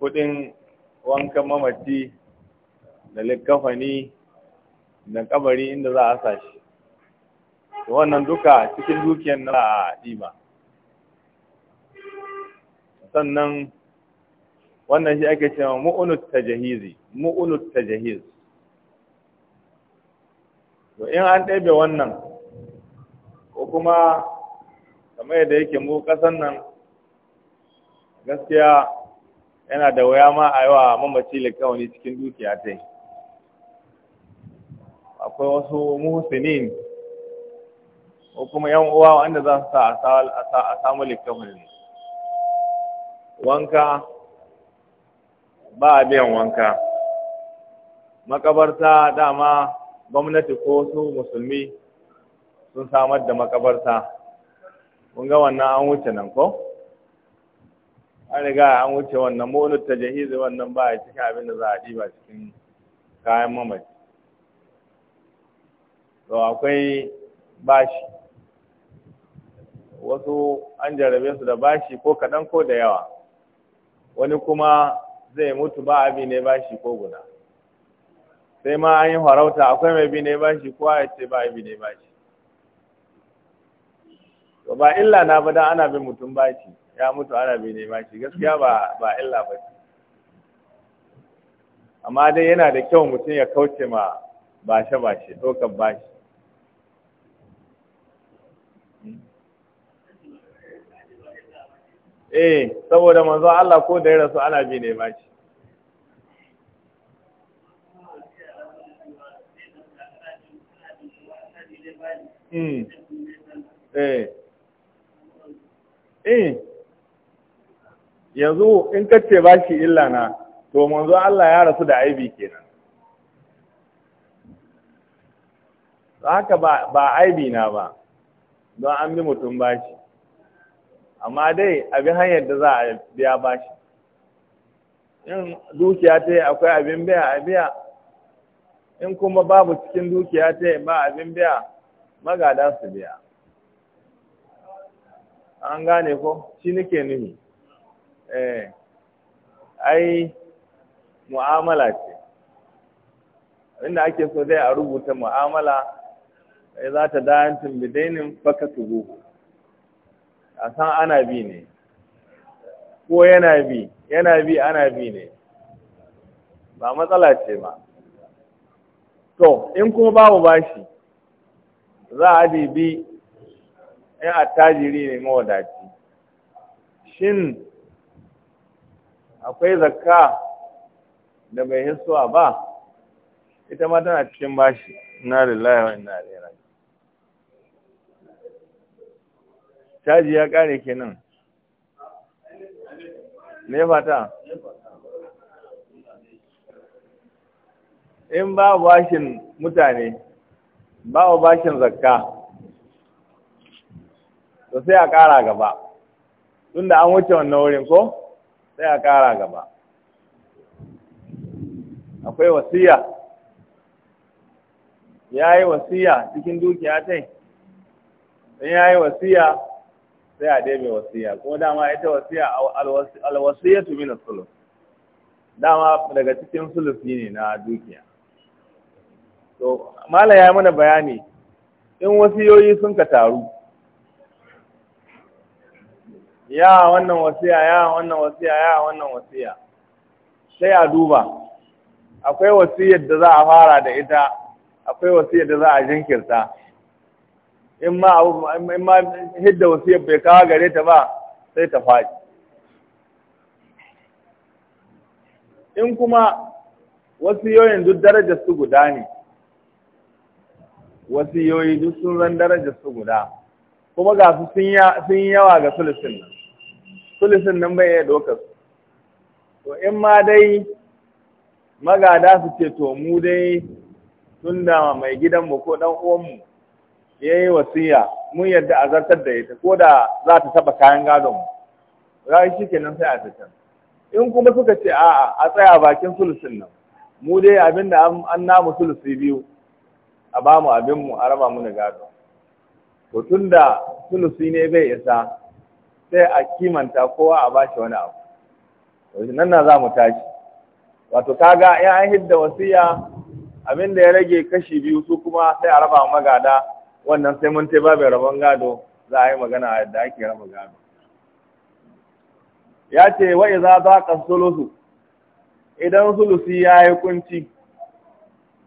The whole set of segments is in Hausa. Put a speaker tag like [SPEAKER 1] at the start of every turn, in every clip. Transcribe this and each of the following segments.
[SPEAKER 1] Kuɗin wankan mamaci da likafani da kabari inda za a sa shi wannan duka cikin dukiyar na a ɗiba sannan wannan shi ake cewa mu'unut tajahizi mu'unut tajahiz to in an ɗebe wannan ko kuma kamar yadda yake mu ƙasan nan gaskiya yana da wuya ma a yi wa mamaci likawani cikin dukiya ta akwai wasu muhusinin ko kuma yan uwa wanda za su sa a samu likawani wanka ba a biyan wanka makabarta dama gwamnati ko su musulmi sun samar da makabarta kun ga wannan an wuce nan ko? an riga an wuce wannan munut ta jahizi wannan ba a cikin abin da za a ba cikin kayan mamaci to akwai bashi wasu an jarabe su da bashi ko kaɗan ko da yawa wani kuma zai mutu ba abi ne bashi ko guda sai ma an yi farauta akwai mai bi ne bashi ko a ce ba abi ne bashi ba illa na ba dan ana bin mutum bashi ya mutu ana bai nema shi gaskiya ba ba illa ba ce amma dai yana da kyau mutum ya kauce ma bashe bashe ɗaukar bashi eh saboda manzo Allah ko da ya rasu ana bi nema shi Mm. Eh. Eh. yanzu in kace ba shi illa na to manzo Allah ya rasu da aibi kenan haka ba ba aibi na ba don an bi mutum bashi amma dai a bi hanyar da za a biya bashi in dukiya ta yi akwai abin biya a biya in kuma babu cikin dukiya ta yi ba abin biya magada su biya an gane ko shi nake nuni eh ai mu'amala ce inda ake so dai a rubuta mu'amala sai za ta dayantin bidainin baka tugu a san ana bi ne ko yana bi yana bi ana bi ne ba matsala ce ba to in kuma babu bashi za a bi in attajiri ne mawadaci shin akwai zakka da bai hisuwa ba ita ma tana cikin bashi na lillahi wa inna ilaihi raji'un caji ya kare kenan ne fata in ba bashin mutane ba bashin zakka to sai a kara gaba tunda an wuce wannan wurin ko sai a ƙara gaba akwai wasiya ya yi wasiya cikin dukiya ta yi ya yi wasiya sai a ɗebe wasiya kuma dama ita wasiya alwasiya tu mina sulus dama daga cikin sulusi ne na dukiya to mala ya yi mana bayani in wasiyoyi sun ka taru ya wannan wasiya ya wannan wasiya ya wannan wasiya sai a duba akwai wasiyar da za a fara da ita akwai wasiyar da za a jinkirta in ma in ma hidda wasiyar bai kawo gare ta ba sai ta faɗi in kuma wasiyoyin duk darajar su guda ne wasiyoyi duk sun zan darajar su guda kuma ga su sun yawa ga sulusin nan sulisin nan bai ya ɗaukar to in ma dai magada su ce to mu dai tun da mai gidanmu ko ɗan uwanmu ya yi wasiya mun yadda a zartar da ita ko da za ta taɓa kayan gadonmu yi shi kenan sai a fitar in kuma suka ce a'a a tsaya bakin sulisin nan mu dai abin da an namu sulisi biyu a ba mu abin a raba mu da gado to tunda sulisi ne bai isa sai a kimanta kowa a bashi wani abu nan na za mu tashi wato kaga ya an hidda wasiya abin da ya rage kashi biyu su kuma sai a raba magada wannan sai mun tai rabon gado za a yi magana a yadda ake raba gado ya ce wa iza za ka sulusu idan sulusi ya yi kunci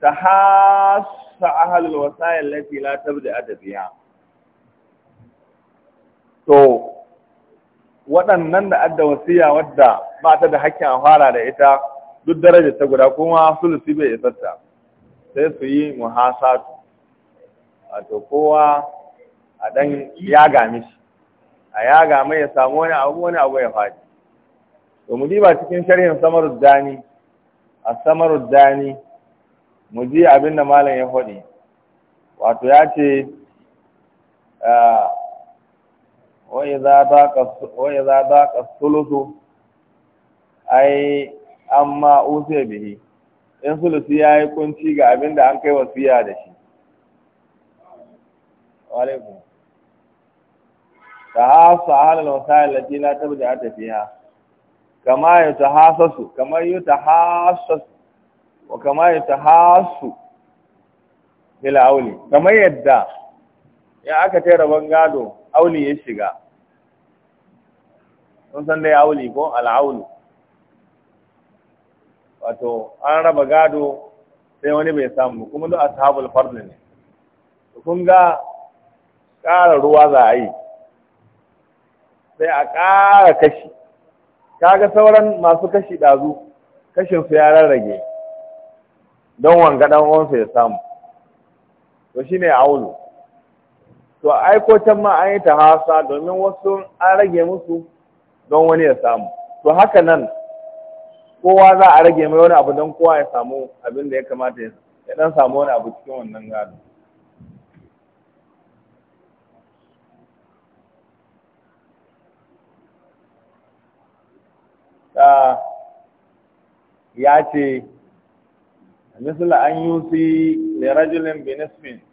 [SPEAKER 1] ta hasa ahalul wasayil lati la tabda adabiya to waɗannan da adda wasiya wadda ba ta da hakkin a fara da ita duk daraja ta guda kuma sulusi bai isarta sai su yi muhasatu wato kowa a ɗan yaga mishi a yaga mai ya samu wani abu wani abu ya faɗi to mu diba cikin sharhin samar dani a samar dani mu ji abin da malam ya faɗi wato ya ce ah, وإذا ka وإذا ضاق الثلث أي أما أوصي به in sulusi ya yi kunci ga abin da an kai wasiya da shi alaikum tahasu halal wasayil lati tabi da ta fiha kama yatahassasu kama su wa kama yatahassu bil auli kama yadda ya aka tayar bangado auli ya shiga sun san dai auli ko al'aun wato an raba gado sai wani bai samu kuma da ashabul fard ne kun ga ƙara ruwa za a yi sai a ƙara kashi kaga sauran masu kashi ɗazu kashin su ya rarrage don wanga dan uwansa ya samu to shine aulu to aiko can ma an yi ta hasa, domin wasu an rage musu don wani ya samu to haka nan kowa za a rage mai wani abu don kowa ya samu abin da ya kamata ya dan samu wani abu cikin wannan gado ya ce misali an yi si da rajulin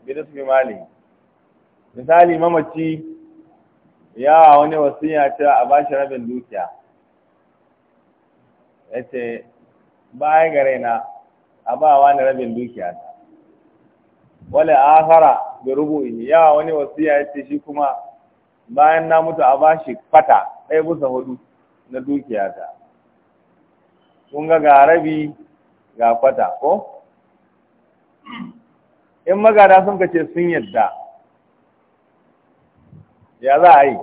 [SPEAKER 1] binismi mali misali mamaci ya wani wasiya cewa a bashi rabin dukiya ya ce bayan gare na a ba wani rabin dukiya ta wale fara da rubu'i ya wani wasiya ya ce shi kuma bayan na mutu a bashi fata ɗaya busa hudu na dukiya ta kun ga ga rabi ga fata, ko in magada sun ka ce sun yadda ya za a yi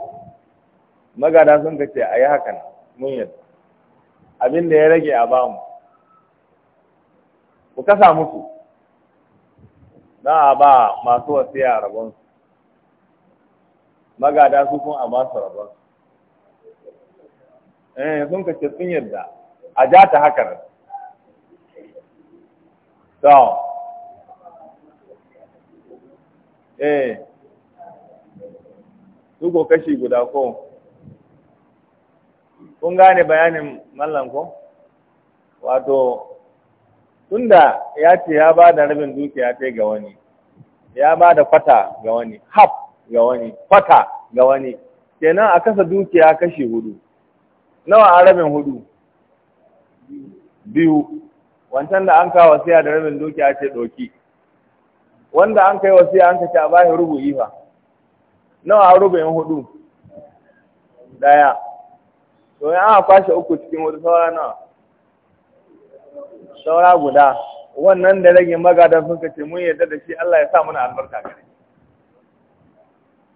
[SPEAKER 1] magada sun ka ce a yi hakan mun yadda abin da ya rage a bamu ku kasa musu na a ba masu wasiya rabon magada su kun a ba su rabon eh sun ka ce sun yadda a ja ta hakan to eh Duko kashi guda ko kun gane bayanin mallan ko wato tunda ya ce ya ba da rabin dukiya ta ga wani ya ba da kwata ga wani haf ga wani kwata ga wani kenan a kasa dukiya kashi hudu nawa a rabin hudu biyu wancan da an kawo wasiya da rabin dukiya ce doki wanda an kai wasiya an kace a rubu yi fa nawa rubu'in hudu daya to ya aka kwashe uku cikin wata saura nawa saura guda wannan da rage magadan sun kace mun yarda da shi Allah ya sa mana albarka gare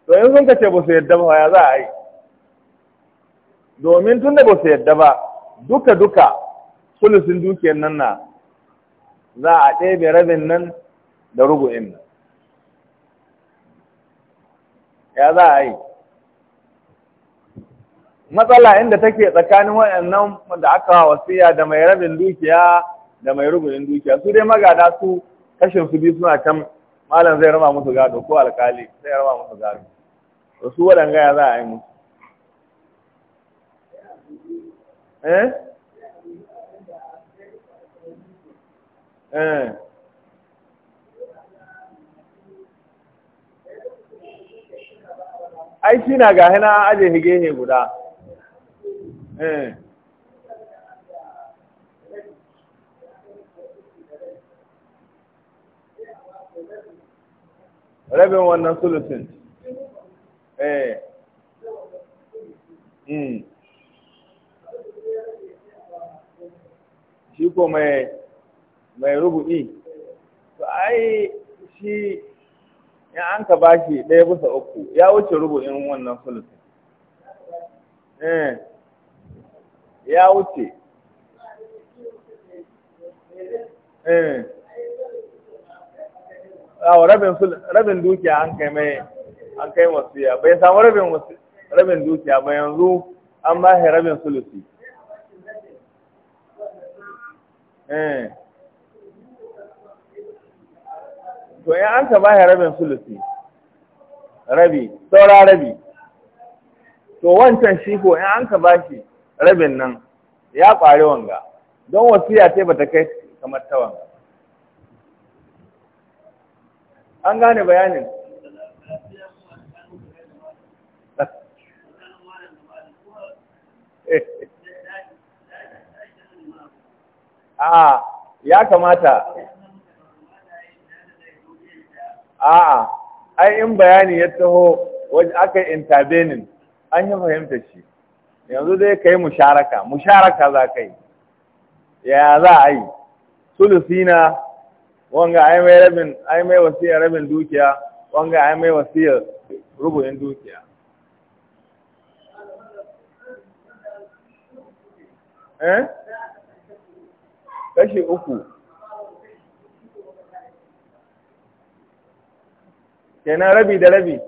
[SPEAKER 1] to in sun kace ba su yadda ba ya za a yi domin tun da ba su yadda ba duka duka sulusin dukiyar nan na za a ɗebe rabin nan da rubu'in nan ya za a yi matsala inda take tsakanin waɗannan da aka wasiya da mai rabin dukiya da mai rubin dukiya su dai magada su kashin su biyu suna can malam zai rama musu gado ko alkali zai rama musu gado to su waɗanga ya za a yi musu eh eh ai shi na gahi na aje higehe guda eh rabin wannan sulusin eh mm shi ko mai mai rubu'i to ai shi in an ka bashi ɗaya bisa uku ya wuce rubu'in wannan sulusun eh, ya wuce eh, rabin dukiya an kai mai an kai wasiya bai samu rabin dukiya ba yanzu an ba rabin sulusi eh, to ya an ka bashi rabin sulusi rabi saura rabi to wancan shi ko in an ka bashi rabin nan ya ƙwari wanga don wasiya ce bata kai kamar ta wanga an gane bayanin a ah, ya kamata a'a ai in bayani ya taho wajen aka intervening an yi fahimta shi yanzu dai ka yi musharaka musharaka za ka yi ya za a yi sulusina wanga ai mai rabin ai mai wasiyar rabin dukiya wanga ai mai wasiyar rubu'in dukiya eh kashi uku Kena rabi da rabi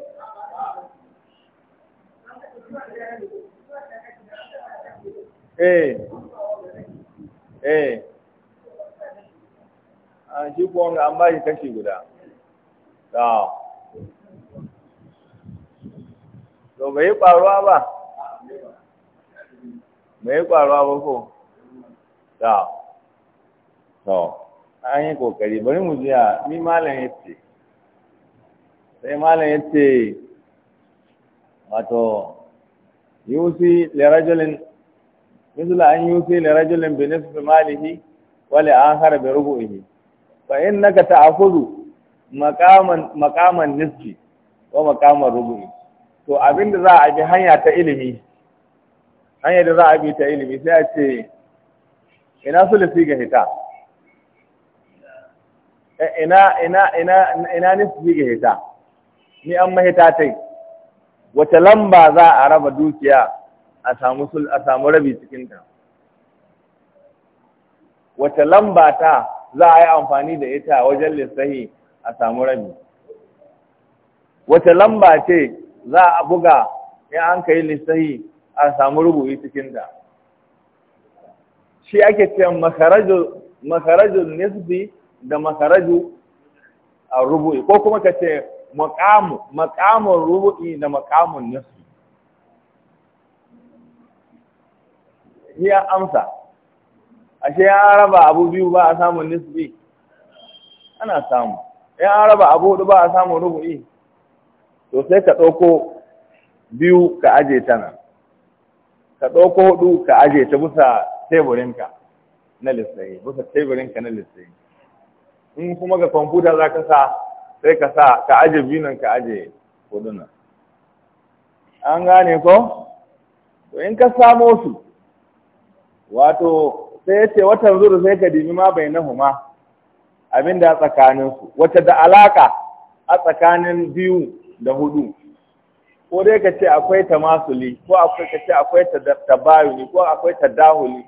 [SPEAKER 1] eh eh an shi kuwa an ba shi kashi guda to bai kwaruwa ba bai kwaruwa ba ko to an yi ƙoƙari bari mu jiya ni malam ya ce sai malam ya ce wato yusi lirajulin misla an yusi lirajulin bi nisfi malihi wa li akhar bi rubu'ihi fa innaka ta'khudhu maqaman maqaman nisfi wa maqaman rubu'i to abinda za a bi hanya ta ilimi hanya da za a bi ta ilimi sai a ce ina sulusi ga hita eh, ina ina ina ina nisfi ga hita ni an mahita tai wace lamba za a raba dukiya a samu a samu rabi cikin ta wace lamba ta za a yi amfani da ita wajen lissahi a samu rabi wace lamba ce za a buga in an kai lissahi a samu rubuyi cikin ta shi ake ce makarajun nisbi da makarajo a rubuyi ko kuma ka ce maqamu maqamun rubu'i da maqamun nisfi ya amsa ashe ya raba abu biyu ba a samun nisbi ana samu ya raba abu hudu ba a samun rubu'i to sai ka ɗauko biyu ka aje ta nan ka ɗauko hudu ka aje ta bisa teburinka na lissahi bisa teburinka na lissahi in kuma ga kwamfuta za ka sa sai ka sa ka aje binan ka aje kuduna an gane ko to in ka samo su wato sai yace ce watan zuru sai ka dimi ma bai nahuma abin da tsakanin su. wata da alaka a tsakanin biyu da hudu ko dai ka ce akwai tamasuli ko akwai ka ce akwai tabayuni ko akwai tadahuli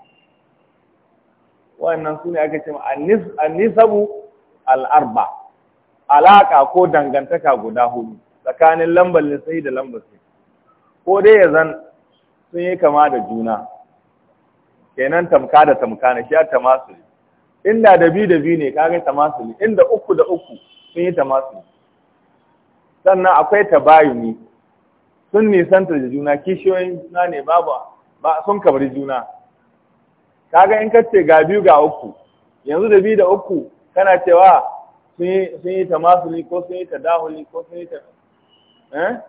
[SPEAKER 1] wannan su ne aka ce annisabu al'arba alaka ko dangantaka guda hudu tsakanin lambar lissai da lambar sai ko dai ya zan sun yi kama da juna kenan tamka da tamka na ta masu tamasuli inda da biyu da biyu ne masu tamasuli inda uku da uku sun yi tamasuli sannan akwai tabayuni sun nisanta da juna kishiyoyin juna ne babu ba sun kamar juna kaga in kace ga biyu ga uku yanzu da biyu da uku kana cewa sun yi ta masuli ko sun yi ta dahuli ko sun yi ta eh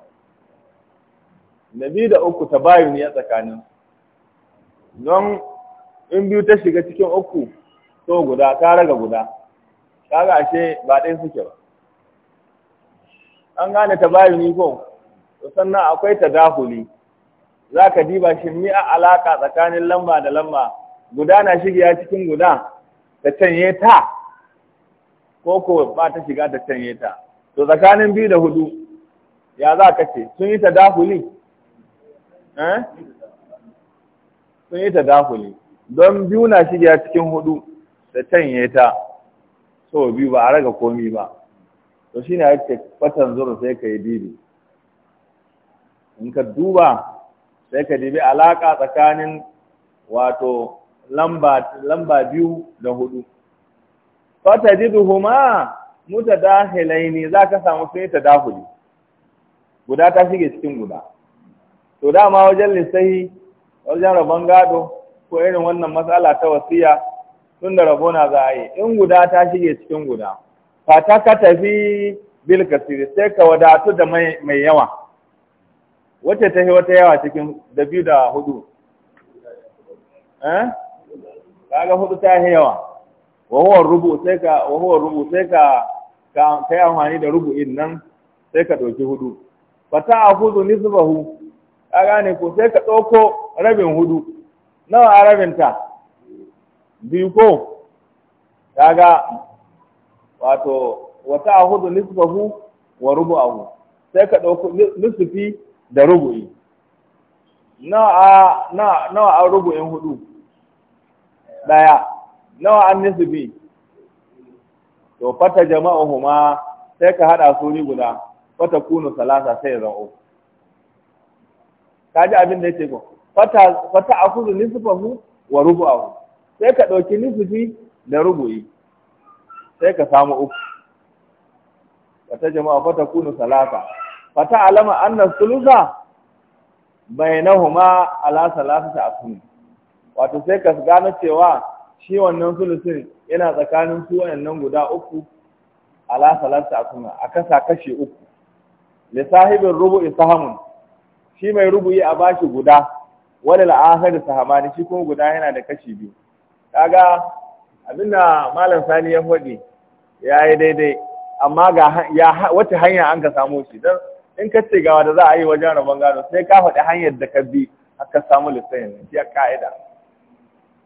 [SPEAKER 1] da biyu da uku ta bayu ne a tsakanin don in biyu ta shiga cikin uku to guda ta raga guda kaga ashe ba ɗaya suke ba an gane ta bayu ni ko sannan akwai ta dahuli za ka diba shi ni a alaƙa tsakanin lamba da lamba guda na shigiya cikin guda ta canye ta ko ko ba ta shiga ta canye ta to tsakanin biyu da hudu ya za ka ce sun yi ta dahuli eh sun yi ta dahuli don biyu na shiga cikin hudu da canye ta so biyu ba a raga komi ba to shine ake kwatan zuru sai ka yi dibi in ka duba sai ka dibi alaka tsakanin wato lamba biyu da hudu fata ji duhuma muta dahilai ne za ka samu sun yi ta dahuli guda ta shige cikin guda to dama wajen lissahi wajen rabon gado ko irin wannan matsala ta wasiya tun da rabona za a yi in guda ta shige cikin guda fata ka tafi bil kasiri sai ka wadatu da mai yawa wacce ta yi wata yawa cikin da biyu da hudu eh kaga hudu ta yi yawa wahowar rubu sai ka wahowar rubu sai ka ka yi amfani da rubu'in nan sai ka ɗauki hudu Wata a hudu nisbahu ka gane sai ka ɗauko rabin hudu nawa a rabin ta biyu wato wata a hudu nisbahu wa rubu'ahu sai ka ɗauko nisfi da rubu'i nawa a rubu'in hudu ɗaya nawa an nisbi to fata jama'uhuma sai ka hada su ni guda fata kunu salasa sai ya zama ji abin da yake ko fata fata akuzu nisfahu wa rubu'ahu sai ka dauki bi da rubu'i sai ka samu uku fata jama'a fata kunu salasa fata alama anna sulusa bainahuma ala salasati akuni wato sai ka gano cewa shi wannan sulusin yana tsakanin su wayannan guda uku ala salasa kuma a kasa kashe uku li sahibin rubu'i sahamun shi mai rubu'i a bashi guda wala al'ahad sahamani shi kuma guda yana da kashi biyu kaga abinda malam sani ya faɗi yayi daidai amma ga ya wata hanya an ka samu shi dan in ka ce gawa da za a yi wajen rabon gado sai ka faɗi hanyar da ka bi aka samu lissafin ya ka'ida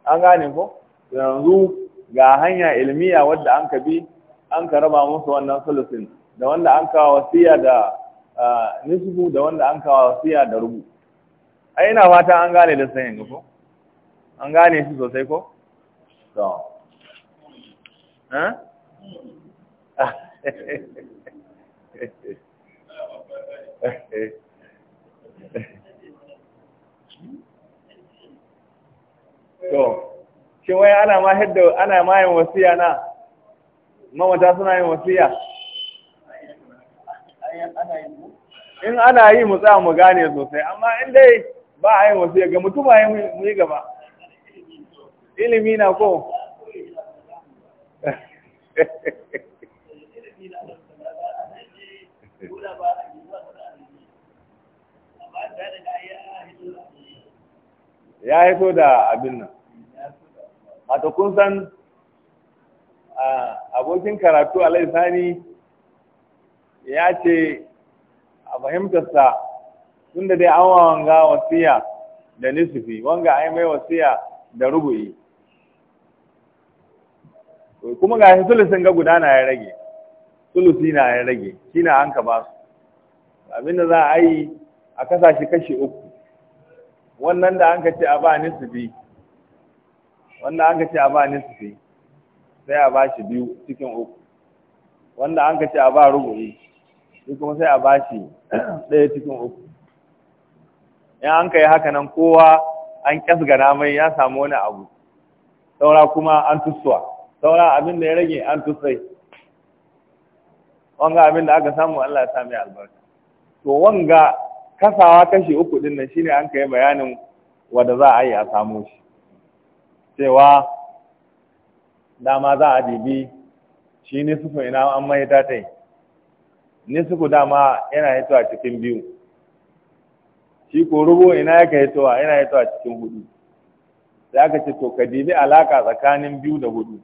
[SPEAKER 1] an gane ko yanzu ga hanya ilmiya wadda an ka bi an ka raba musu wannan sulusin da wanda an kawo wasiya da nisbu da wanda an kawo wasiya da rubu ai ina fata an gane da sanin ko an gane shi sosai ko to eh to shin wai ana ma hidda ana ma yin wasiya na mamata suna yin wasiya in ana yi mu tsaya mu gane sosai amma in dai ba a yin wasiya ga mutum a mu yi gaba ilimi na ko ya haito da abin nan wato kun san abokin karatu a sani ya ce a fahimtarsa tun da dai an wanga wasiya da nisufi wanga ai mai wasiya da rubu'i kuma ga shi sulusin ga gudana ya rage sulusi na ya rage shi na an ka ba su abinda za a yi a kasashe kashi uku wannan da an ka ce a ba nisufi wanda an ce a ba nisfi sai a ba shi biyu cikin uku wanda an ce a ba rubuci, sai kuma sai a ba shi ɗaya cikin uku in an kai haka nan kowa an kyasgana mai ya samu wani abu saura kuma an tussuwa saura abin da ya rage an tussai wanga abin da aka samu Allah ya sami albarka to wanga kasawa kashi uku din nan shine an kai bayanin wanda za a yi a samu shi cewa dama za a dibi shi nisufu ina an mai ta yi nisufu dama yana hito a cikin biyu shi ko rubo ina yake hitowa yana a cikin hudu sai aka ce to ka dibi alaka tsakanin biyu da hudu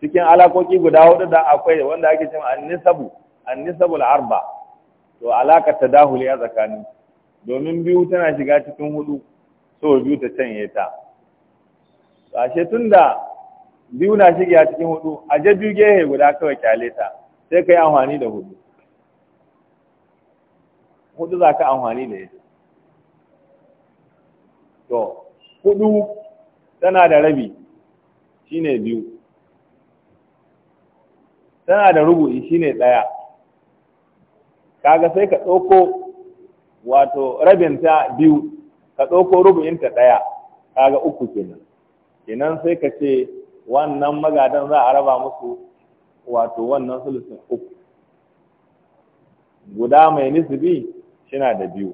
[SPEAKER 1] cikin alakoki guda hudu da akwai wanda ake cewa annisabu annisabul arba to alaka tadahuli a tsakanin domin biyu tana shiga cikin hudu so biyu ta canye ta ashe tunda biyu na shige a cikin hudu a je biyu gehe guda kawai kyale ta sai ka yi amfani da hudu hudu za ka amfani da ita to hudu tana da rabi shine biyu tana da rubu'i shine ɗaya kaga sai ka ɗauko wato rabinta biyu ka ɗauko rubu'inta ɗaya kaga uku kenan kenan sai ka ce wannan magadan za a raba musu wato wannan sulusun uku guda mai nisbi shina da biyu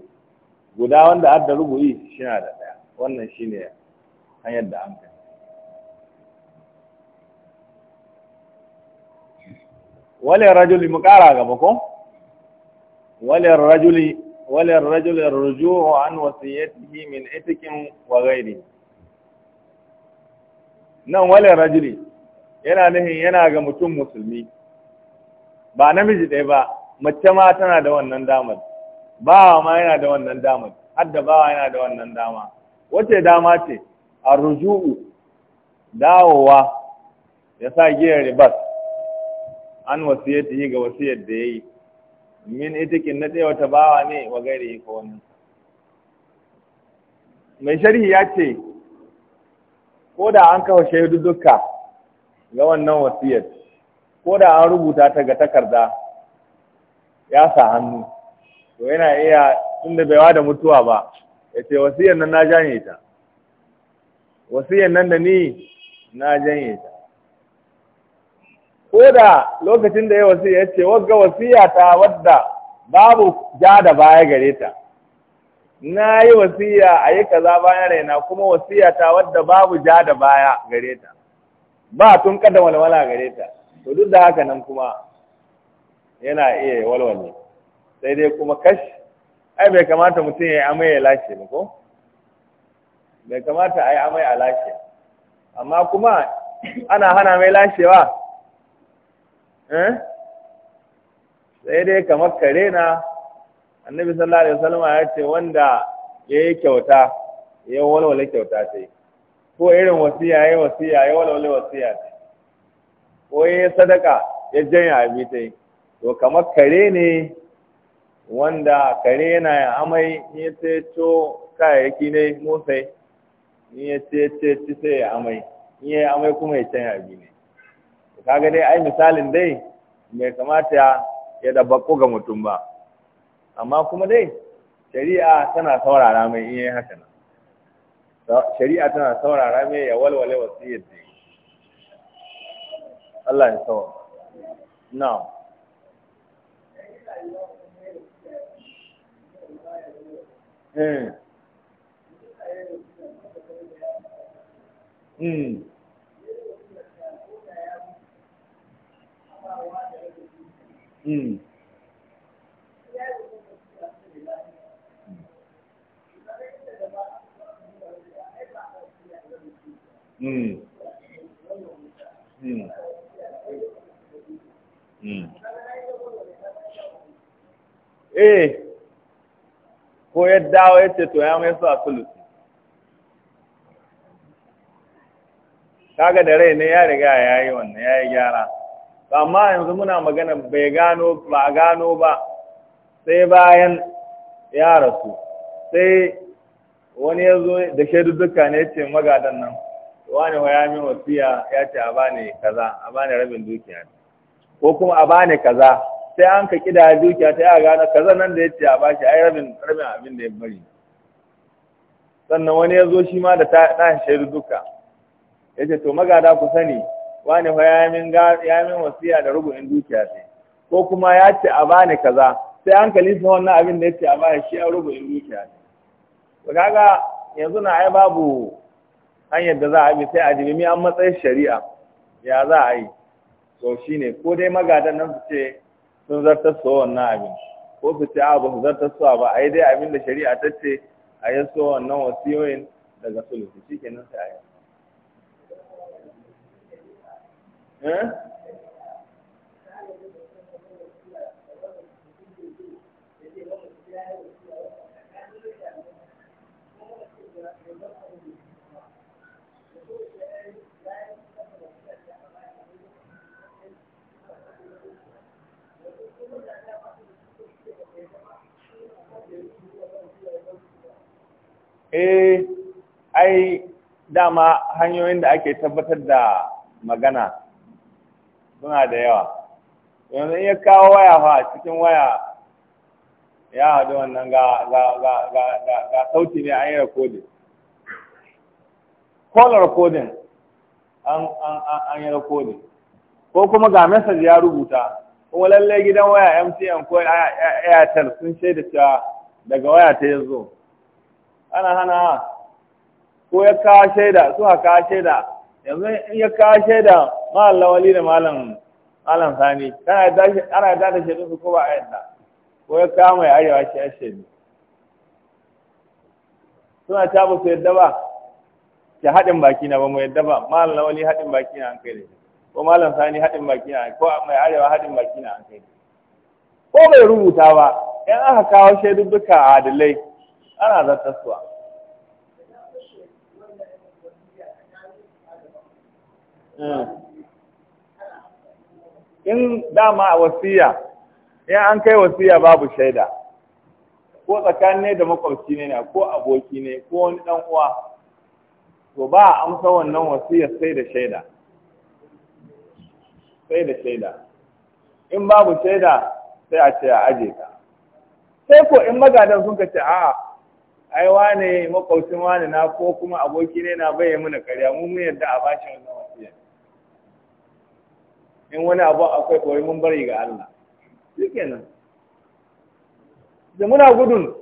[SPEAKER 1] guda wanda da rubu'i shina da ɗaya wannan shine hanyar da an kai wale rajuli mu ƙara gaba ko wale rajuli walin rajuli rujuu an wasiyatihi min itikin wa ghairihi nan wale rajuli yana nufin yana ga mutum musulmi ba namiji ɗaya ba mace ma tana da wannan damar bawa ma yana da wannan damar hadda bawa yana da wannan dama wace dama ce a ruju'u dawowa ya sa giyar ribas an yi ga yadda da yi. min itikin na tsaye wata bawa ne wa gairi ko wani. mai sharhi ya ce ko da an kawo shaidu dukka ga wannan wasiyar ko da an rubuta ta ga takarda ya sa hannu to yana iya tunda bai da mutuwa ba ya ce wasiyar nan na janye ta wasiyar nan da ni na janye ta ko da lokacin da ya wasiya ya ce wasiya wadda babu ja da baya gare ta na yi wasiya a yi kaza bayan raina kuma wasiya ta wadda babu ja da baya gare ta ba tun kada walwala gare ta to duk da haka nan kuma yana iya walwale sai dai kuma kash ai bai kamata mutum ya yi amai ya lashe ba ko bai kamata a yi amai a lashe amma kuma ana hana mai lashewa eh sai dai kamar kare na annabi sallallahu alaihi wasallam ya ce wanda ya yi kyauta ya walwale kyauta ce ko irin wasiya ya yi wasiya ya walwale wasiya ce ko ya yi sadaka ya janya abi ta yi to kamar kare ne wanda kare yana amai ni ya ce to kayayyaki ne motsai ni ya ce ce ci sai ya amai ni ya yi amai kuma ya canya abi ne kaga dai ai misalin dai mai kamata ya bako ga mutum ba amma kuma dai shari'a tana saurara mai ihe yayi haka nan shari'a tana saurara mai ya walwale wasiyar zai Allah ya sawa na'am mm mm Hmm. Hmm. Hmm. Eh, ko ya dawo ya ce to ya mai su a sulusi. Kaga da rai ne ya riga ya yi wannan ya yi gyara. Amma yanzu muna magana bai gano ba gano ba sai bayan ya rasu. Sai wani ya zo da shaidu dukkan ya ce magadan nan. wani ya min wasiya ya ce a bani kaza a bani rabin dukiya ko kuma a bani kaza sai an ka kida dukiya ta ya gano kaza nan da ya ce a bashi ai rabin rabin abin da ya bari sannan wani ya zo shi ma da ta shaidu duka ya ce to magada ku sani wani ya ya min wasiya da rubu'in dukiya sai ko kuma ya ce a bani kaza sai an kalisa wannan abin da ya ce a ba shi a rubu'in dukiya sai kaga yanzu na ai babu hanyar da za a bi sai a jimi an matsayin shari'a ya za a yi to shi ne ko dai magadan nan su ce sun zartar wannan abin ko su ce abu ba su zartar su ba a yi dai abin da shari'a ta ce a yi so wannan wasiyoyin daga sulhu shi nan sai a yi eh? eh ai dama hanyoyin da ake tabbatar da magana suna da yawa yanzu in ya kawo waya fa cikin waya ya haɗu wannan ga ga sauti ne an yi rikodin kola rikodin an yi rikodin ko kuma ga message ya rubuta kuma lallai gidan waya mtn ko airtel sun shaida cewa daga waya ta yanzu ana hana ko ya kawo shaida su ha kawo shaida yanzu in ya kawo shaida malam lawali da malam malam sani ana yadda da shaidun su ko ba a yadda ko ya kawo mai arewa shi ya shaidu suna ta ba su yadda ba ke haɗin baki na ba mu yadda ba malam lawali haɗin baki na an kai ne. ko malam sani haɗin baki na ko mai arewa haɗin baki na an kai ko bai rubuta ba in aka kawo shaidu duka adalai ana zartaswa hmm. in dama a wasiya in an kai wasiya babu shaida ko tsakanin ne da makwabci ne ko aboki ne ko wani dan uwa to ba a amsa wannan wasiya sai da shaida sai da shaida in babu shaida sai a ce a aje ka sai ko in magadan sun ka ce a'a ai wane makwabcin wane na ko kuma aboki ne na bayyana mana karya mu mun yadda a bashi wannan wasiya in wani abu akwai kawai mun bari ga Allah shikenan da muna gudun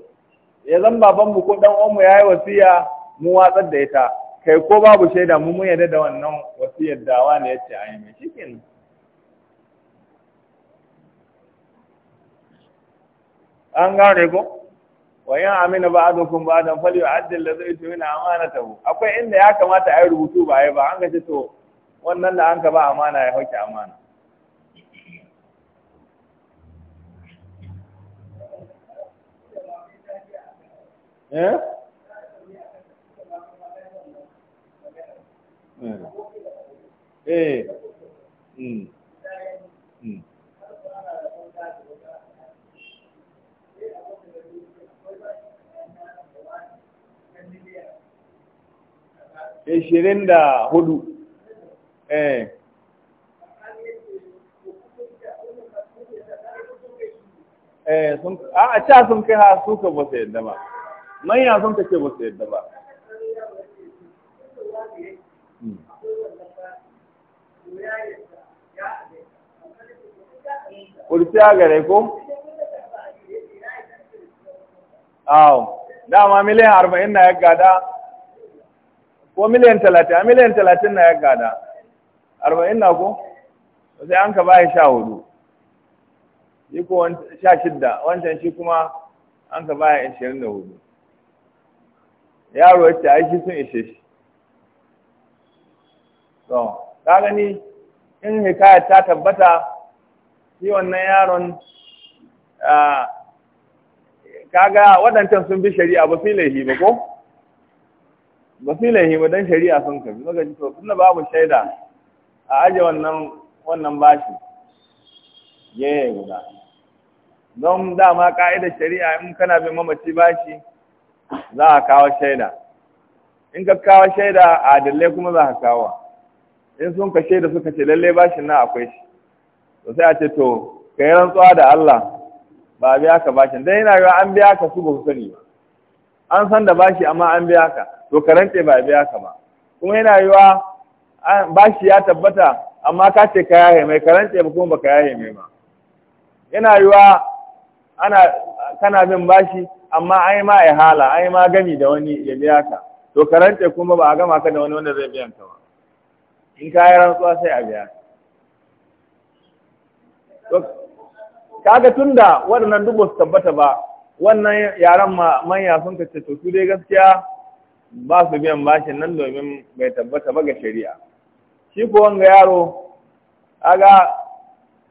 [SPEAKER 1] ya zan baban mu ko dan uwan mu yayi wasiya mu watsar da ita kai ko babu shaida mu mun yadda da wannan wasiyar da na yace a yi mai shikenan an gane ko wa yin amina ba kun ba dan fali wa addin da zai tuni hu, akwai inda ya kamata a yi rubutu ba yi ba an gaji to wannan da an ka ba amana ya hauke amana eh eh mm mm ishirin da hudu eh eh sun a ca sun kai ha su ka ba yadda ba manya sun ka ce ba yadda ba hmm. kurciya gare ko? awo dama miliyan arba'in na ya gada ko miliyan talatin a miliyan talatin na ya gada arba'in na ko sai an ka bayan sha hudu yi ko sha shidda wancan shi kuma an ka bayan ashirin da hudu yaro ya ce aiki sun ishe shi to ka gani in hikayar ta tabbata shi wannan yaron ah, kaga waɗancan sun bi shari'a ba su laifi ba ko ba su laihi ba don shari'a sun ka bi maka ji to tunda babu shaida a aje wannan wannan bashi yi guda don dama ka'idar shari'a in kana bin mamaci bashi za a kawo shaida in ka kawo shaida a adalai kuma za ka kawo in sun ka shaida suka ce lallai bashin na akwai shi to sai a ce to ka yi rantsuwa da Allah ba biya ka bashin dan yana ga an biya ka su ba su sani ba an san da bashi amma an biya ka to ka ba biya ka ba kuma yana yiwa bashi ya tabbata amma ka ce ka yaye mai ka ba kuma baka yaye mai ba yana yiwa ana kana bin bashi amma an yi ma ai an yi ma gami da wani ya biya ka to ka kuma ba a gama ka da wani wanda zai biya ka ba in ka yi rantsuwa sai a biya kaga tunda waɗannan duk ba su tabbata ba wannan yaran manya sun kace to su dai gaskiya ba su biyan bashin nan domin bai tabbata ba ga shari'a shi ko wanga yaro aga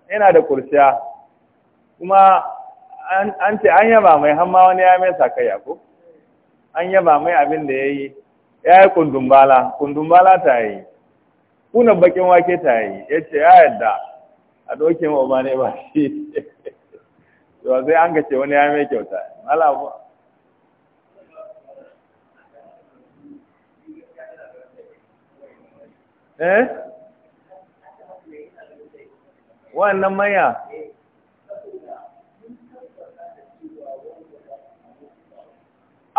[SPEAKER 1] yana da kursiya kuma an ce an yaba mai hamma wani ya mai sakaya ko an yaba mai abin da ya yi ya yi kundumbala kundumbala ta yi kuna bakin wake ta yi ya ce ya yadda a dokin ma ba ne ba shi to sai an ga ce wani ya mai kyauta malamu eh wannan manya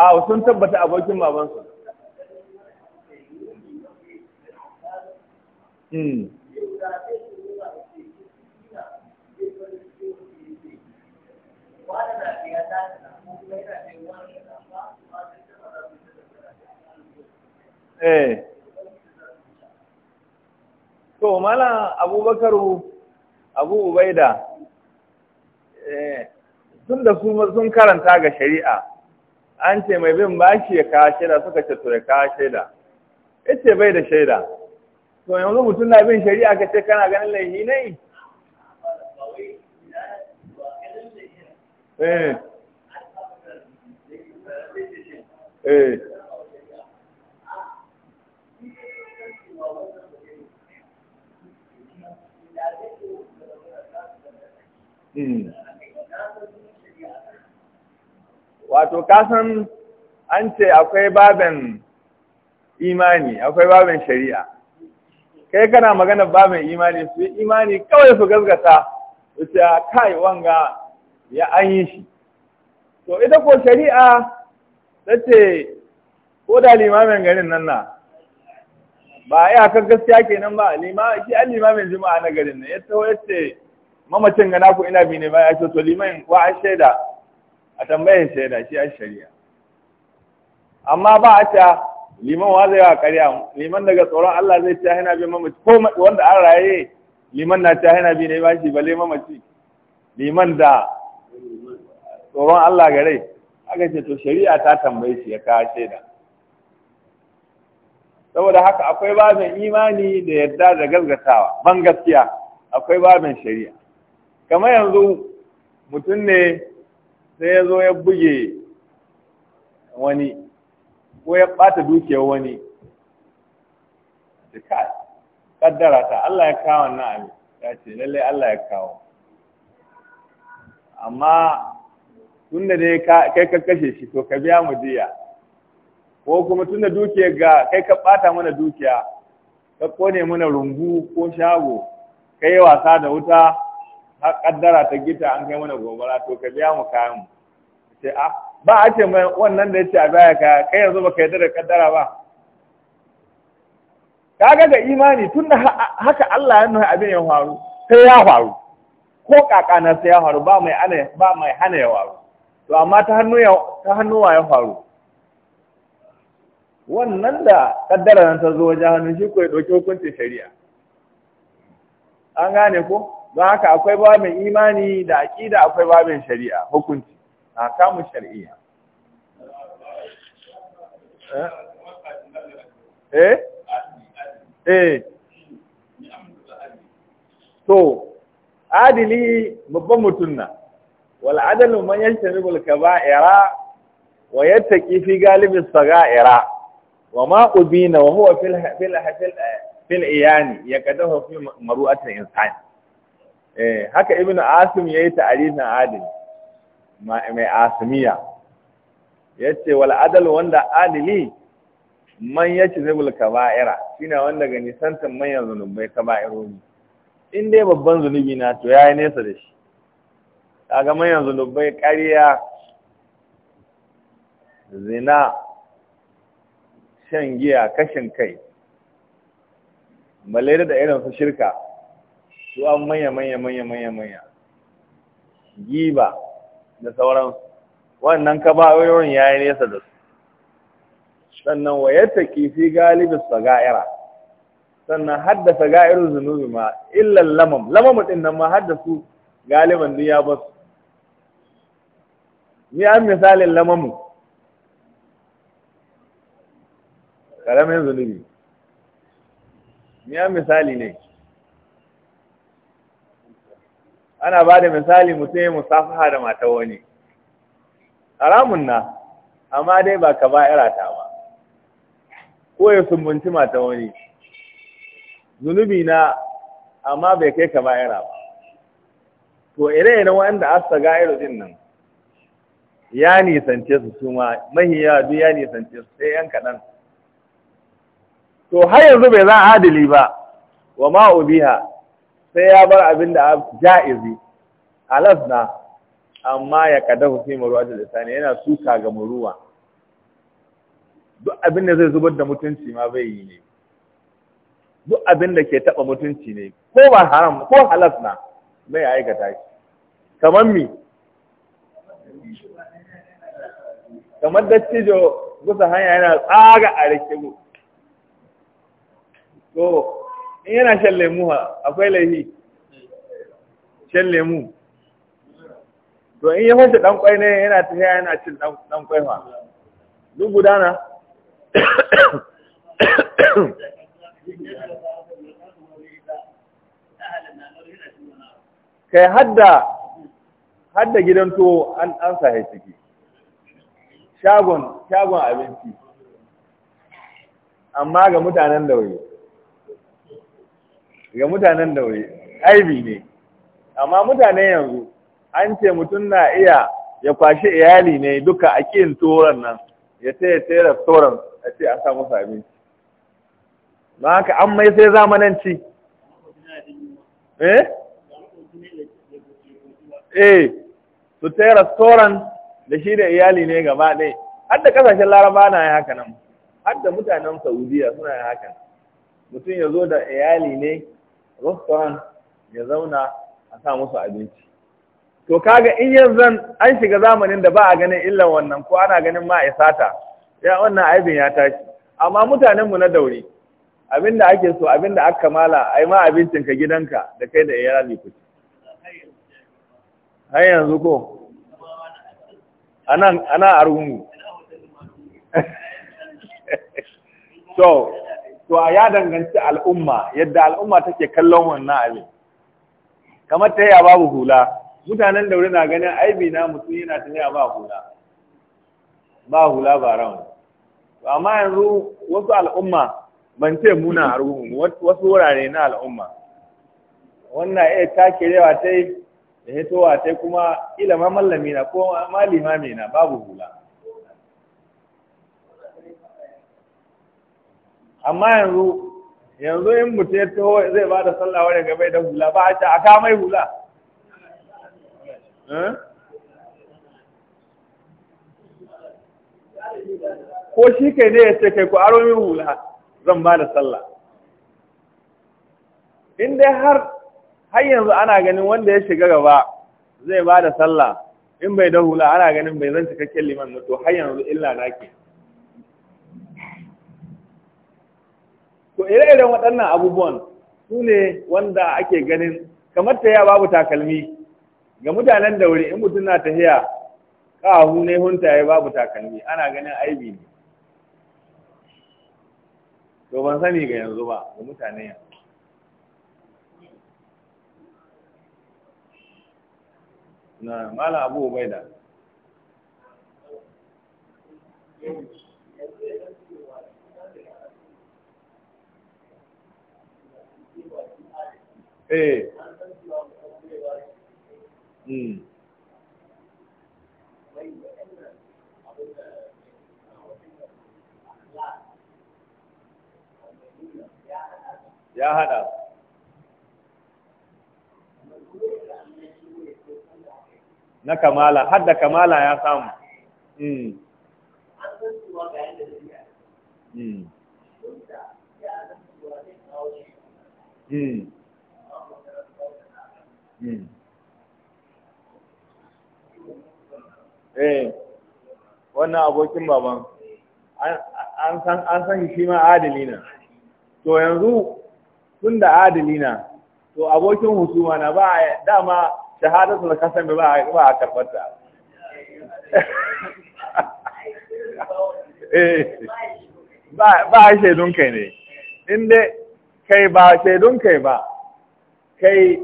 [SPEAKER 1] a sun tabbata abokin babansu. Hmm. eh to malam Abubakar abu ubaida eh, tun da su sun karanta ga shari'a an ce mai bin bashi ya kawo shaida suka ce to ya kawo shaida ya ce bai da shaida to yanzu mutum na bin shari'a ka ce kana ganin laihi ne eh eh Hmm. Wato, kasan an ce akwai baben imani, akwai baben shari'a. Kai kana magana baben imani, su yi imani kawai su gazgata, su ce, kai wanga ya an yi shi. To, ita ko shari'a ta ce, ko da limamin garin nan na, ba a yi hakan gaskiya kenan ba, shi an limamin jima'a na garin nan, ya ya mamacin ga naku ina bi ne ba ya ce to liman wa a shaida a tambayin shaida shi a shari'a amma ba a ta liman wa zai wa kariya liman daga tsoron Allah zai ta hina bi mamaci ko wanda an raye liman na ta hina bi ne ba shi balle mamaci liman da tsoron Allah gare aka ce to shari'a ta tambaye shi ya ka shaida saboda haka akwai babin imani da yadda da gaskatawa ban gaskiya akwai babin shari'a kamar yanzu mutum ne sai ya zo ya buge wani ko ya ɓata dukiyar wani da ka ƙaddara ta Allah ya kawo na abin ya ce lallai Allah ya kawo amma tun da ne kai ka kashe shi to ka biya mu diya ko kuma tun da dukiyar ga kai ka ɓata mana dukiya ka kone mana rumbu ko shago ka yi wasa da wuta har kaddara ta gita an kai mana gobara to ka biya mu kayan mu sai a ah, ba a ce mai wannan da yace a baya ka kai yanzu baka yarda da kaddara ba kaga da imani tunda haka Allah ya nuna abin ya faru sai ya faru ko kaka na sai ya faru ba mai ana ba mai hana ya faru to amma ta hannu ya ta hannuwa ya faru wannan da kaddara nan ta zo wajen hannu shi ko ya dauki hukuncin shari'a an gane ko don haka akwai babin imani da aƙida akwai babin shari'a hukunci a kamun shari'a eh eh, eh. to adili babban mutum na wal adalu man yajtanibul kaba'ira wa yattaqi fi galibis sagha'ira wa ma ubina wa huwa fil fil fil iyani yakadahu fi maru'atil insani eh haka Ibn asim ya yi ta'arifin adil mai asimiya ce, wal adal wanda adili man ci zubul kaba'ira shine wanda ga nisantan manyan zunubai ne, in dai babban zunubi na to ya yi nesa da shi ga manyan zunubai kariya, zina shan giya kashin kai balle da irin su shirka su an manya manya manya manya manya giba da sauran wannan ka ba wurin yayi nesa da su sannan wa yattaki fi galibis sagaira sannan haddasa ga'irin zunubi ma illan lamam lamam din nan ma haddasu galiban duniya ya su. ni an misalin lamamu karamin zunubi ni an misali ne ana ba da misali mutum ya musafaha da matar wani haramun na amma dai ba ka ba irata ba ko ya sumbunci matar wani zunubi na amma bai kai ka ba ira ba to ire ire wanda asta gairo din nan ya nisance su suma mahiya duk ya nisance su sai yan kaɗan to har yanzu bai za adili ba wa ma'ubiha sai ya bar abin da ja'izi halas na amma ya kadahu fi maruwa da lisani yana suka ga maruwa duk abin da zai zubar da mutunci ma bai yi ne duk abin da ke taba mutunci ne ko ba haram ko halas na bai aikata shi kamar mi kamar da cijo, gusa hanya yana tsaga a rike to in yana shan lemu akwai laifi shan lemu to in ya fashe dan kwai ne yana ta yaya yana cin dan kwai ha duk gudana kai hadda hadda gidan to an an sahi ciki shagon shagon abinci amma ga mutanen da ga mutanen da wuri aibi ne amma mutanen yanzu an ce mutum na iya ya kwashi iyali ne duka a kiyin toron nan ya ce ya tsere restaurant a ce a samu sami don haka an mai sai zamananci eh eh su tsere restaurant da shi da iyali ne gaba ɗaya har da kasashen laraba na yi haka nan har da mutanen saudiya suna yi haka mutum ya zo da iyali ne restaurant ya zauna a sa musu abinci to kaga in yanzu an shiga zamanin da ba a ganin illan wannan ko ana ganin ma a sata ya wannan aibin ya tashi amma mutanenmu na abin da ake so abin da aka kamala ai ma abincin ka gidanka da kai da iyali ku har yanzu ko anan ana argungu to to a ya danganci al'umma yadda al'umma take kallon wannan abin kamar ta yi a babu hula mutanen da wuri na ganin aibi na mutum yana ta yi a ba hula ba hula ba To amma yanzu wasu al'umma ban ce muna arhun wasu wurare na al'umma wannan iya eh take rewa ta yi da hitowa ta kuma ilama mallami na ko ma limami na babu hula amma yanzu yanzu in mutum ya taho zai ba da sallah wani gaba da hula ba a ce a kamai hula eh? ko shi kai ne ya ce kai ku aro min hula zan ba da sallah in dai har har yanzu ana ganin wanda ya shiga gaba zai ba da sallah in bai da hula ana ganin bai zan cikakken liman na to har yanzu illa na ke to ire-iren waɗannan abubuwan su ne wanda ake ganin kamar ta babu takalmi ga mutanen da wuri in mutum na tahiya ƙahu ne hunta ya babu takalmi ana ganin aibi ne to ban sani ga yanzu ba ga mutane yanzu na mala abu ubaida eh hmm. ya hada na kamala hadda kamala ya samu Hmm. Hmm. hmm. Hmm. eh wannan abokin baban an san an san shi ma adali na to yanzu tun da adali na to abokin husuma na ba dama shahadatul kasam eh, ba ba a karbarta ba a shaidun kai ne, inda kai ba shaidun kai ba, kai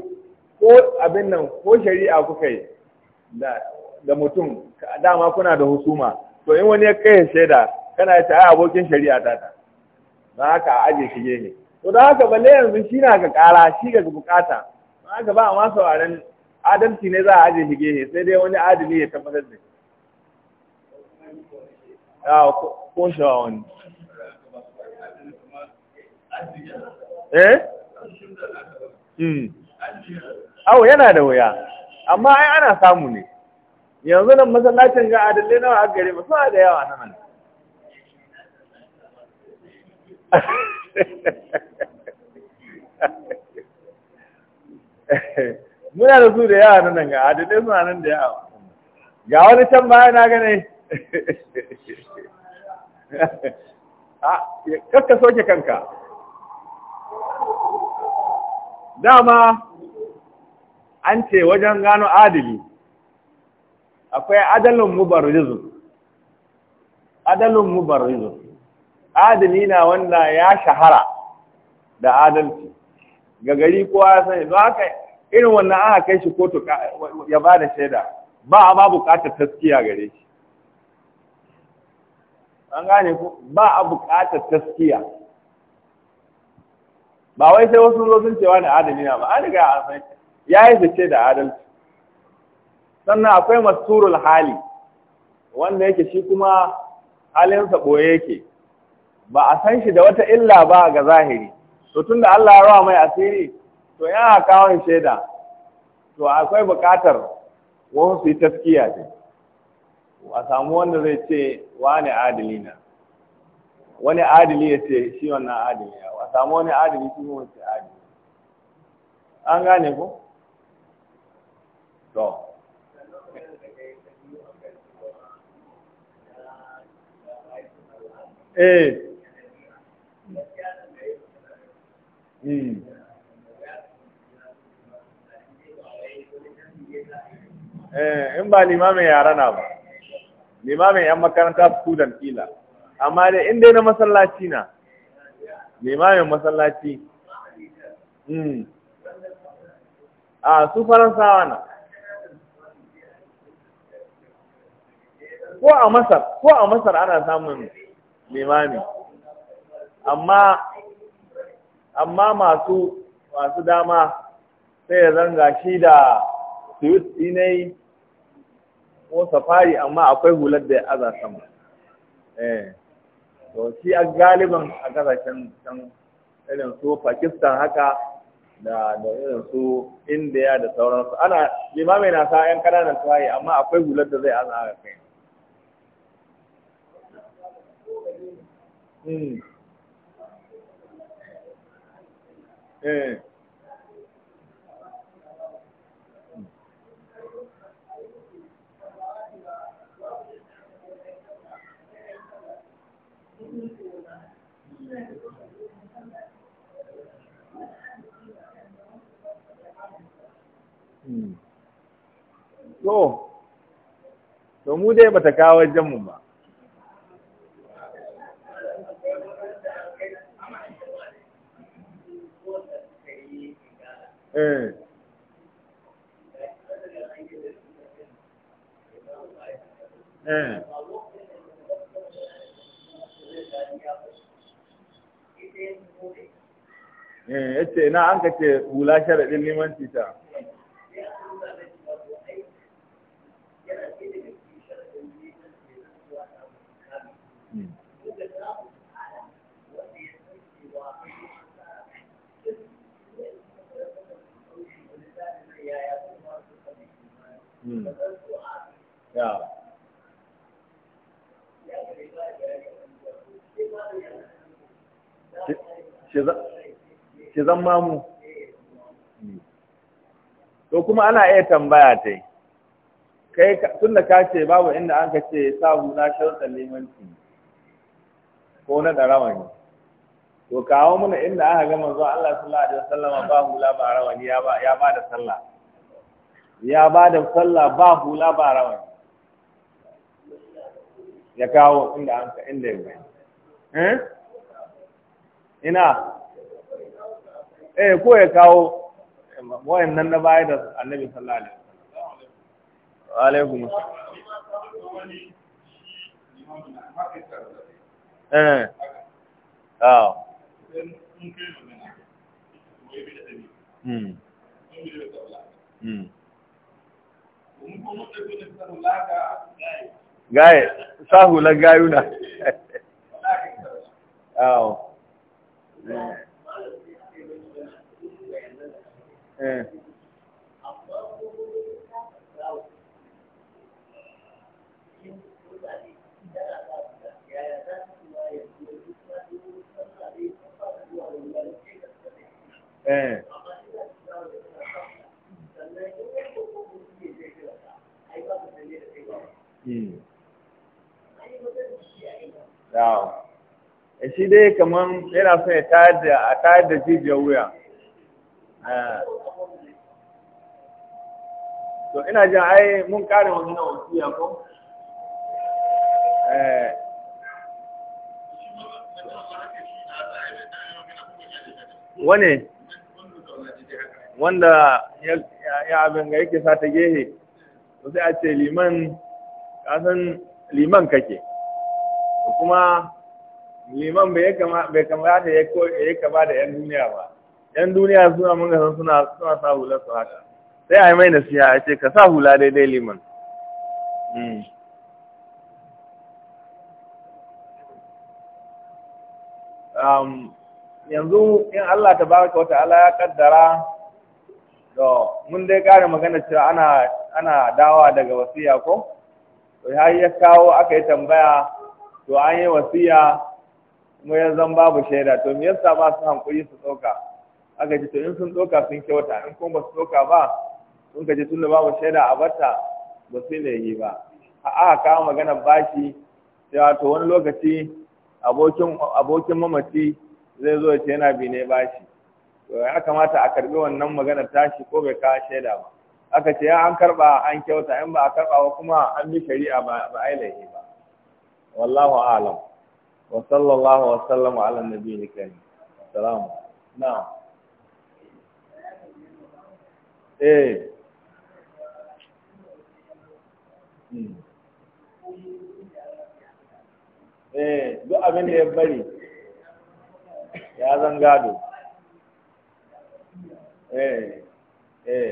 [SPEAKER 1] ko abin nan ko shari'a kuka yi da mutum dama kuna da husuma to in wani ya kai shaida kana ya ta'a abokin shari'a ta ta za haka a aje shige ne to da haka balle yanzu shi na ga kara shi ga bukata don haka ba a ma sauraren adalci ne za a aje shige ne sai dai wani adali ya tabbatar da shi ko shawa wani eh? Hmm. awo yana da wuya amma ai ana samu ne yanzu nan masallacin ga adalai nawa a gare masu da yawa na nan muna da su da yawa na nan ga adalai suna nan da yawa ga wani can baya na gane kakka soke kanka dama an ce wajen gano adali akwai adalin mubarrizun adalin mubarrizun adali na wanda ya shahara da adalci ga gari kowa ya sani don haka irin wannan aka kai shi kotu ya ba da shaida ba a ma bukatar taskiya gare shi an gane ku ba a bukatar taskiya ba wai sai wasu zo sun cewa ne adali na ba an riga a san ya yi fice da adalci sannan akwai masturul hali wanda yake shi kuma halinsa ɓoye yake ba a san shi da wata illa ba ga zahiri to tun da Allah ya rawa mai asiri to yana kawon shaida to akwai buƙatar wasu su yi taskiya ce a samu wanda zai ce wani adali na wani adili ya ce shi wannan adili a samu wani adili shi wani ce adili an gane ko to Ee. Eh. Hmm. Eh, in ba limamin yara na ba, limamin 'yan makaranta dan kila, amma dai in dai na masallaci na, limamin masallaci. Hmm. A ah, su faransawa na. ko a masar ko a masar ana samun limami amma amma masu masu dama sai ya zanga shi da suyut dinai ko safari amma akwai hular da ya za sama eh to shi a galiban a kasashen can irin su pakistan haka da da irin su indiya da sauransu ana limamai na sa yan kananan tuwaye amma akwai hular da zai aza kai
[SPEAKER 2] eh, eh. Hmm.
[SPEAKER 1] To, mu dai bata kawo mu ba, eh, eh. eh ya ce na an ka ce wula sharaɗin neman cita
[SPEAKER 2] Mm-hmm. shi
[SPEAKER 1] zan mamu to kuma ana iya tambaya ta yi kai tun da ka ce babu inda an ka ce sahu na sharuɗan limanci ko na ɗarawa ne to kawo mana inda aka gama zuwa Allah sallallahu alaihi wasallam ba hula ba rawani ya ya ba da sallah ya ba da sallah ba hula ba rawani ya kawo inda an ka inda ya bayan eh? ina eh ko ya kawo nan na baya da annabi sallallahu alaihi wa alaikum eh ah
[SPEAKER 2] hmm, hmm.
[SPEAKER 1] gaye sahulan gayuna awo
[SPEAKER 2] Eh. Mm.
[SPEAKER 1] yawo eh, shi dai kamar yana son ya tayar da a tayar da jijiyar wuya eh. to ina jin ai mun kare magana wasiya ko eh wane wanda ya abin ga yake sa ta gehe to sai a ce liman kasan liman kake kuma liman bai kamata ya yi kama da 'yan duniya ba ‘yan duniya suna mun gasar suna suna sa hula su haka sai a yi mai nasiya a ce ka sa hula daidai liman hmm. um, yanzu in Allah ta baraka wata ala ya kaddara to mun dai kare magana cewa ana dawa daga wasiya ko to ya kawo aka yi tambaya to an yi wasiya kuma ya zan babu shaida to me yasa ba su hankuri su tsoka aka ji to in sun tsoka sun kyauta in kuma ba su tsoka ba sun ka ji tun da babu shaida a bata ba su ne yi ba a aka kawo magana bashi cewa to wani lokaci abokin mamaci zai zo ya ce yana bi ne bashi to ya kamata a karbi wannan magana tashi ko bai kawo shaida ba aka ce ya an karba an kyauta in ba a karba ba kuma an bi shari'a ba a yi laifi ba wallahu a'lam wa sallallahu wa sallama ala nabiyil karim salam na'am eh hmm. eh ya bari ya eh eh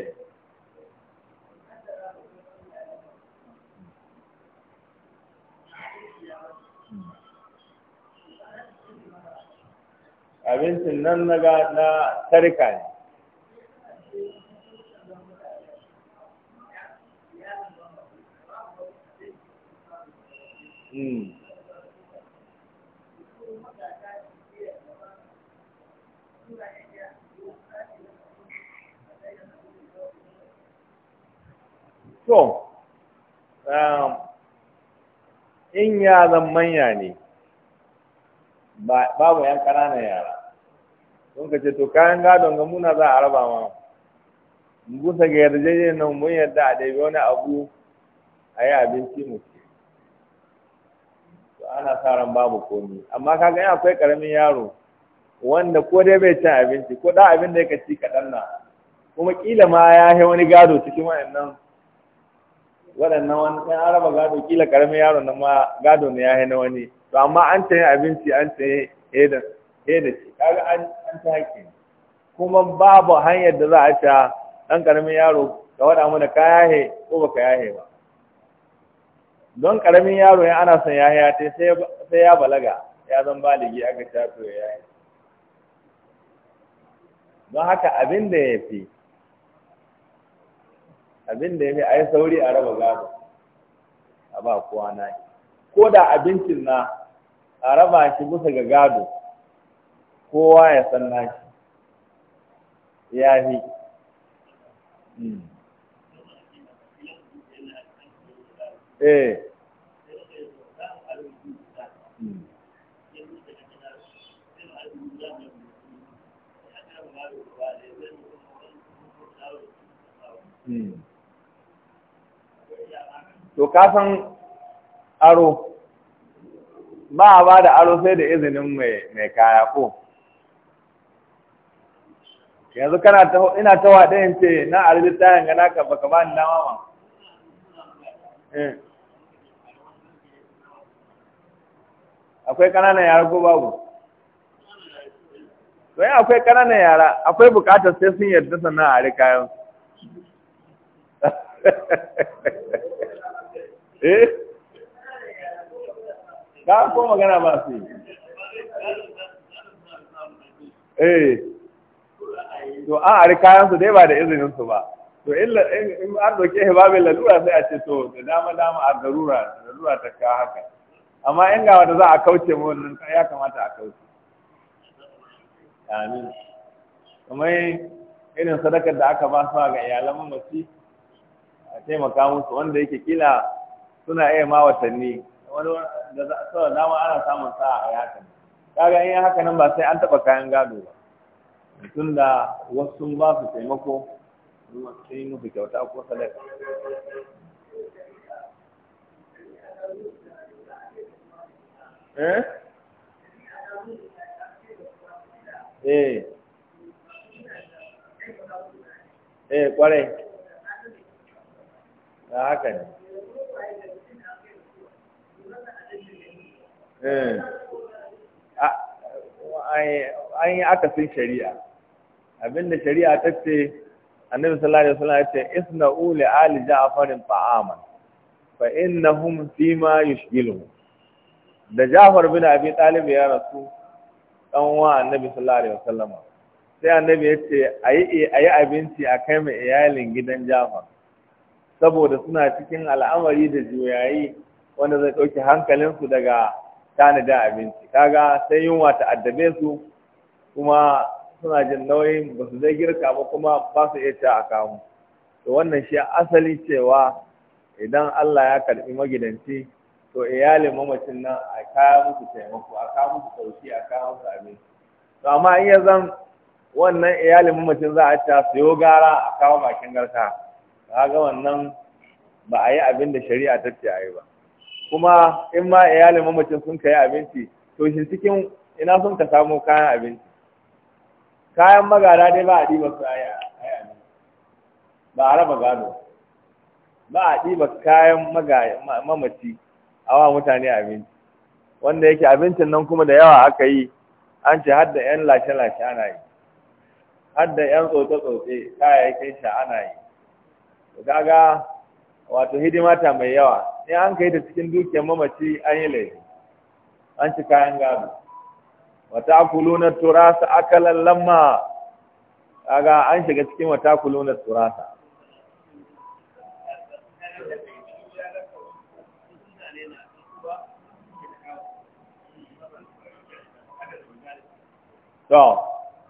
[SPEAKER 1] abincin nan na ga na tarika ne So, hmm. um, in ya zan manya ne, babu yan ƙananan yara sun ka ce to kayan gado ga muna za a raba ma busa ga yarjejen nan mun yarda a daibi wani abu a yi abinci mu ce to ana sa ran babu komi amma kaga in akwai ƙaramin yaro wanda ko dai bai cin abinci ko da abin da yake ci kaɗan na kuma kila ma ya yi wani gado cikin waɗannan waɗannan wani ɗan araba gado kila karamin yaro na ma gado ne ya yi na wani to amma an ta yi abinci an ta yi heda heda ce kaga an an ta haƙƙi kuma babu hanyar da za a ta ɗan karamin yaro ka waɗa mana ka yahe ko baka yahe ba don karamin yaro ya ana son yahe ya ta sai ya balaga ya zan baligi aka shafe to ya yahe don haka abin da ya fi abin da ya mai a yi sauri a raba gado a ba kowa na yi ko da abincin na a raba shi bisa ga gado kowa ya san na shi ya fi hmm. eh Hmm. hmm. to kasan aro ba a ba da aro sai da izinin mai kaya ko yanzu ina ta waɗe in ce na arzi ta yanga na ka baka ba ni dama ma eh. akwai kananan yara ko babu to yi akwai kananan yara akwai bukatar sai sun yarda sannan a kayan eh ka ko magana ba su eh to a ari kayan su dai ba da izinin su ba to illa in an doke hibabin lalura sai a ce to da dama dama a garura lalura ta ka haka amma in ga wata za a kauce mu wannan ya kamata a kauce amin kamar irin sadakar da aka ba su ga iyalan mamaci a taimaka musu wanda yake kila suna iya ma watanni wani da za dama ana samun sa'a a haka ne kaga in haka nan ba sai an taɓa kayan gado ba tun da wasu sun ba su taimako sai yi musu kyauta ko sadaka eh eh eh kwarai da haka ne Eh. an yi akasin shari'a abinda shari'a ta ce annabi sallallahu alaihi wasallam ya ce isna li ali ja'farin ta'aman fa innahum fi ma yushghiluhum da Ja'far bin Abi Talib ya rasu dan wa annabi sallallahu alaihi wasallam sai annabi ya ce ayi ayi abinci a kai mai iyalin gidan Ja'far saboda suna cikin al'amari da juyayi wanda zai dauki hankalinsu daga tanadin abinci kaga sai yunwa ta addabe su kuma suna jin nauyin ba su zai girka ba kuma ba su iya ci a kamu to wannan shi asali cewa idan Allah ya karbi magidanci to iyalin mamacin nan a kaya musu taimako a kaya musu sauki a kaya musu abinci to amma in ya zan wannan iyalin mamacin za a ta siyo gara a kawo bakin garka ga wannan ba a yi abin da shari'a ta ce a yi ba kuma in ma iyalin mamacin sun kai abinci to shi cikin ina sun ka samu kayan abinci kayan magara dai ba a ɗiba su a ba a raba gado ba a ɗiba kayan mamaci a wa mutane abinci wanda yake abincin nan kuma da yawa aka yi an ce har da 'yan lashe-lashe ana yi har da 'yan tsotse-tsotse kayayyakin sha ana yi gaga wato hidima ta mai yawa ne an kai ta cikin dukiyar mamaci an yi laifi an ci kayan gado wata na turasa akalan lamma kaga an shiga cikin wata akuluna turasa to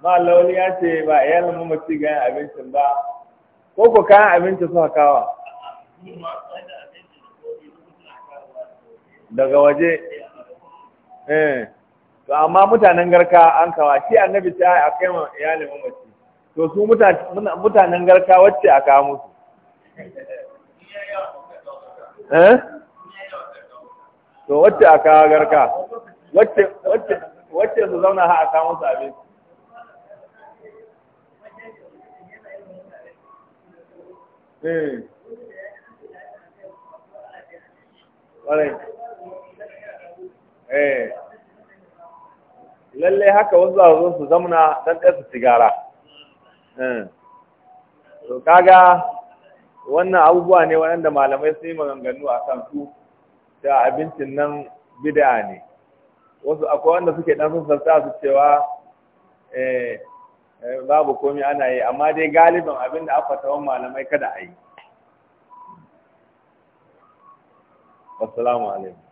[SPEAKER 1] ma lauli ya ce ba iyalin mamaci ga abincin ba ko ko kayan abinci suka kawo? daga waje eh to amma mutanen garka an kawa shi annabi ta a kai ma iyalin mamaci to su mutanen garka wacce a kawo musu eh to wacce a kawo garka wacce wacce wacce su zauna ha a kawo musu abinci eh ƙwarai eh lallai haka wasu za su zamna don ɗaya su sigara eh. to kaga wannan abubuwa ne waɗanda malamai sun yi maganganu a kan su da abincin nan bid'a ne wasu akwai wanda suke ɗan sun sassa su cewa eh, eh, babu komai ana yi amma dai galibin da aka tawon malamai kada a yi Assalamu alaikum.